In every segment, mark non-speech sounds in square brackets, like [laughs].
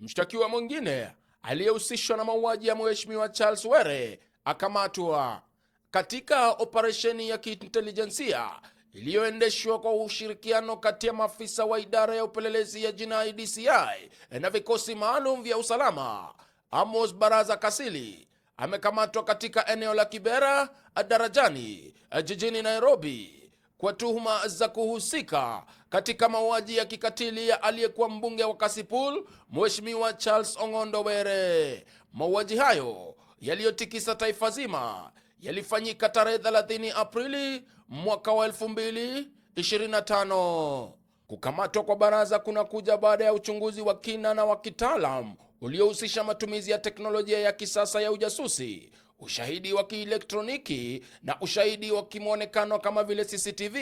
Mshtakiwa mwingine aliyehusishwa na mauaji ya mheshimiwa Charles Were akamatwa katika operesheni ya kiintelijensia iliyoendeshwa kwa ushirikiano kati ya maafisa wa idara ya upelelezi ya jinai DCI na vikosi maalum vya usalama. Amos Baraza Kasili amekamatwa katika eneo la Kibera Darajani jijini Nairobi kwa tuhuma za kuhusika katika mauaji ya kikatili ya aliyekuwa mbunge wa Kasipul, Mheshimiwa Charles Ong'ondo Were. Mauaji hayo yaliyotikisa taifa zima yalifanyika tarehe 30 Aprili mwaka wa 2025. Kukamatwa kwa baraza kunakuja baada ya uchunguzi wa kina na wa kitaalam uliohusisha matumizi ya teknolojia ya kisasa ya ujasusi ushahidi wa kielektroniki na ushahidi wa kimwonekano kama vile CCTV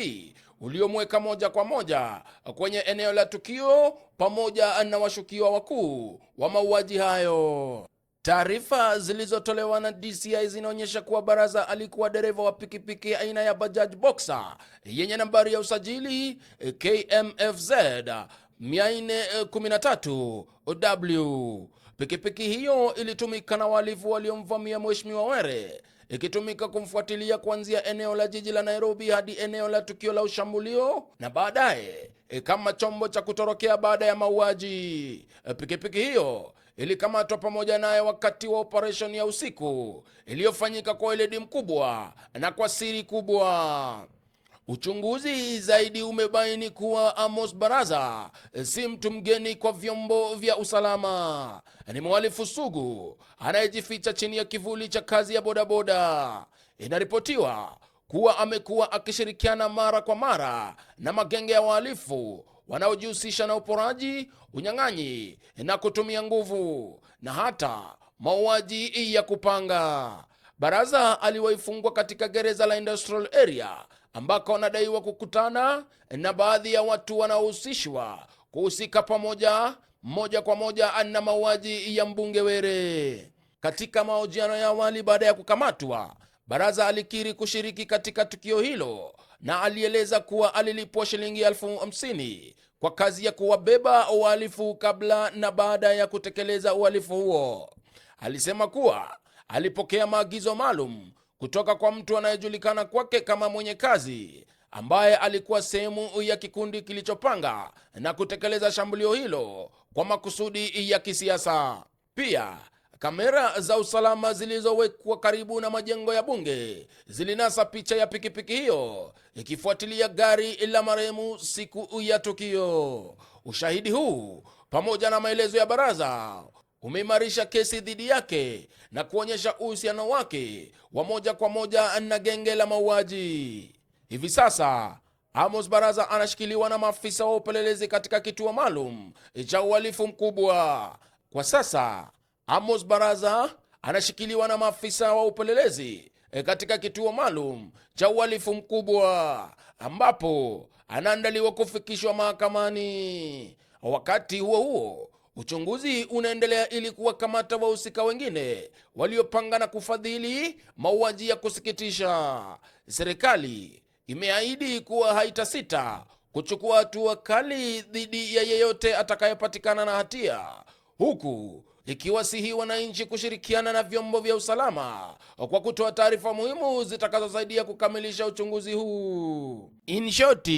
uliomweka moja kwa moja kwenye eneo la tukio pamoja na washukiwa wakuu wa mauaji hayo. Taarifa zilizotolewa na DCI zinaonyesha kuwa Baraza alikuwa dereva wa pikipiki aina ya Bajaj Boxer yenye nambari ya usajili KMFZ 413W. Pikipiki hiyo ilitumika na wahalifu waliomvamia Mheshimiwa Were, ikitumika kumfuatilia kuanzia eneo la jiji la Nairobi hadi eneo la tukio la ushambulio na baadaye eh, kama chombo cha kutorokea baada ya mauaji. Eh, pikipiki hiyo ilikamatwa pamoja naye wakati wa operesheni ya usiku iliyofanyika kwa weledi mkubwa na kwa siri kubwa. Uchunguzi zaidi umebaini kuwa Amos Baraza si mtu mgeni kwa vyombo vya usalama. Ni mhalifu sugu anayejificha chini ya kivuli cha kazi ya bodaboda. Inaripotiwa kuwa amekuwa akishirikiana mara kwa mara na magenge ya wahalifu wanaojihusisha na uporaji, unyang'anyi na kutumia nguvu na hata mauaji ya kupanga. Baraza aliwahi fungwa katika gereza la Industrial Area ambako wanadaiwa kukutana na baadhi ya watu wanaohusishwa kuhusika pamoja moja kwa moja na mauaji ya mbunge Were. Katika mahojiano ya awali baada ya kukamatwa, Baraza alikiri kushiriki katika tukio hilo na alieleza kuwa alilipwa shilingi elfu hamsini kwa kazi ya kuwabeba uhalifu kabla na baada ya kutekeleza uhalifu huo. Alisema kuwa alipokea maagizo maalum kutoka kwa mtu anayejulikana kwake kama mwenye kazi ambaye alikuwa sehemu ya kikundi kilichopanga na kutekeleza shambulio hilo kwa makusudi ya kisiasa. Pia kamera za usalama zilizowekwa karibu na majengo ya bunge zilinasa picha ya pikipiki hiyo ikifuatilia gari la marehemu siku ya tukio. Ushahidi huu pamoja na maelezo ya baraza umeimarisha kesi dhidi yake na kuonyesha uhusiano wake wa moja kwa moja na genge la mauaji. Hivi sasa Amos Baraza anashikiliwa na maafisa wa upelelezi katika kituo maalum cha uhalifu mkubwa. Kwa sasa Amos Baraza anashikiliwa na maafisa wa upelelezi eh, katika kituo maalum cha uhalifu mkubwa ambapo anaandaliwa kufikishwa mahakamani. Wakati huo huo Uchunguzi unaendelea ili kuwakamata wahusika wengine waliopanga na kufadhili mauaji ya kusikitisha. Serikali imeahidi kuwa haitasita kuchukua hatua kali dhidi ya yeyote atakayepatikana na hatia, huku ikiwasihi wananchi kushirikiana na vyombo vya usalama kwa kutoa taarifa muhimu zitakazosaidia kukamilisha uchunguzi huu. In short,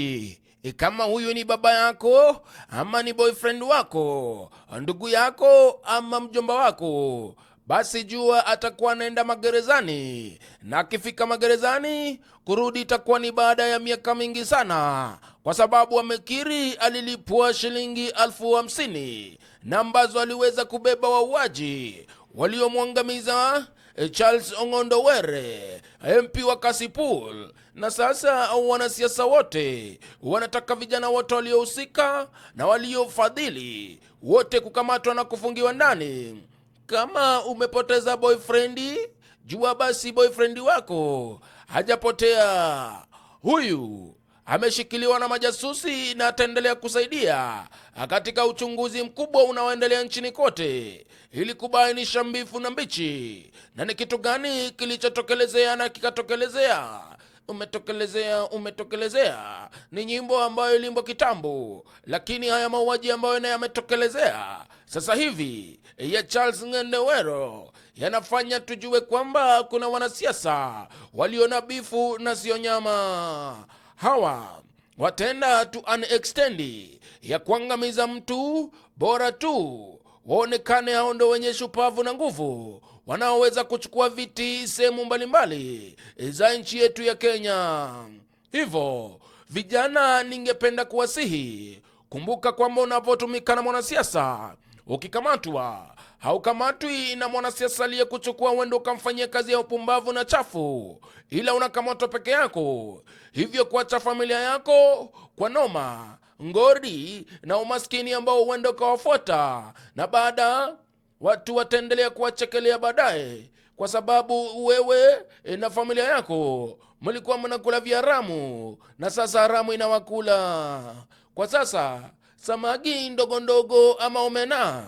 E, kama huyu ni baba yako ama ni boyfriend wako, ndugu yako ama mjomba wako, basi jua atakuwa anaenda magerezani, na akifika magerezani kurudi itakuwa ni baada ya miaka mingi sana, kwa sababu amekiri alilipwa shilingi elfu hamsini na ambazo aliweza kubeba wauaji waliomwangamiza Eh, Charles Ong'ondo Were, MP wa Kasipul. Na sasa wanasiasa wote wanataka vijana wote waliohusika na waliofadhili wote kukamatwa na kufungiwa ndani. Kama umepoteza boyfriend, jua basi boyfriend wako hajapotea. Huyu ameshikiliwa na majasusi na ataendelea kusaidia katika uchunguzi mkubwa unaoendelea nchini kote ili kubainisha mbifu na mbichi na ni kitu gani kilichotokelezea na kikatokelezea umetokelezea umetokelezea ni nyimbo ambayo ilimbwa kitambo, lakini haya mauaji ambayo na yametokelezea sasa hivi ya Charles Ngendewero yanafanya tujue kwamba kuna wanasiasa walio na bifu na sio nyama hawa watenda tu an ya kuangamiza mtu, bora tu waonekane hao ndo wenye shupavu na nguvu wanaoweza kuchukua viti sehemu mbalimbali za nchi yetu ya Kenya. Hivyo vijana, ningependa kuwasihi, kumbuka kwamba unapotumika na mwanasiasa ukikamatwa haukamatwi na mwanasiasa kuchukua uende ukamfanyia kazi ya upumbavu na chafu, ila unakamatwa peke yako, hivyo kuacha familia yako kwa noma, ngori na umaskini ambao uende ukawafuata, na baada watu wataendelea kuwachekelea baadaye, kwa sababu wewe na familia yako mlikuwa mnakula vya haramu na sasa haramu inawakula. Kwa sasa samaki ndogondogo ama omena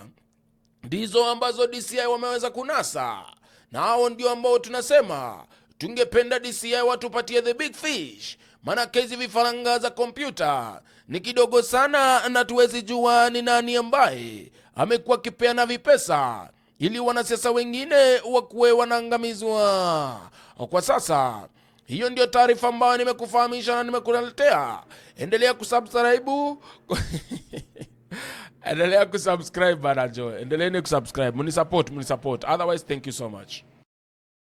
ndizo ambazo DCI wameweza kunasa, na hao ndio ambao tunasema tungependa DCI watupatie the big fish, maanake hizi vifaranga za kompyuta ni kidogo sana, na tuwezi jua ni nani ambaye amekuwa akipeana vipesa ili wanasiasa wengine wakuwe wanaangamizwa kwa sasa. Hiyo ndio taarifa ambayo nimekufahamisha na nimekuletea. Endelea kusubscribe [laughs] endelea kusubscribe bana jo, endeleeni kusubscribe, munisupport, munisupport. Otherwise, thank you so much.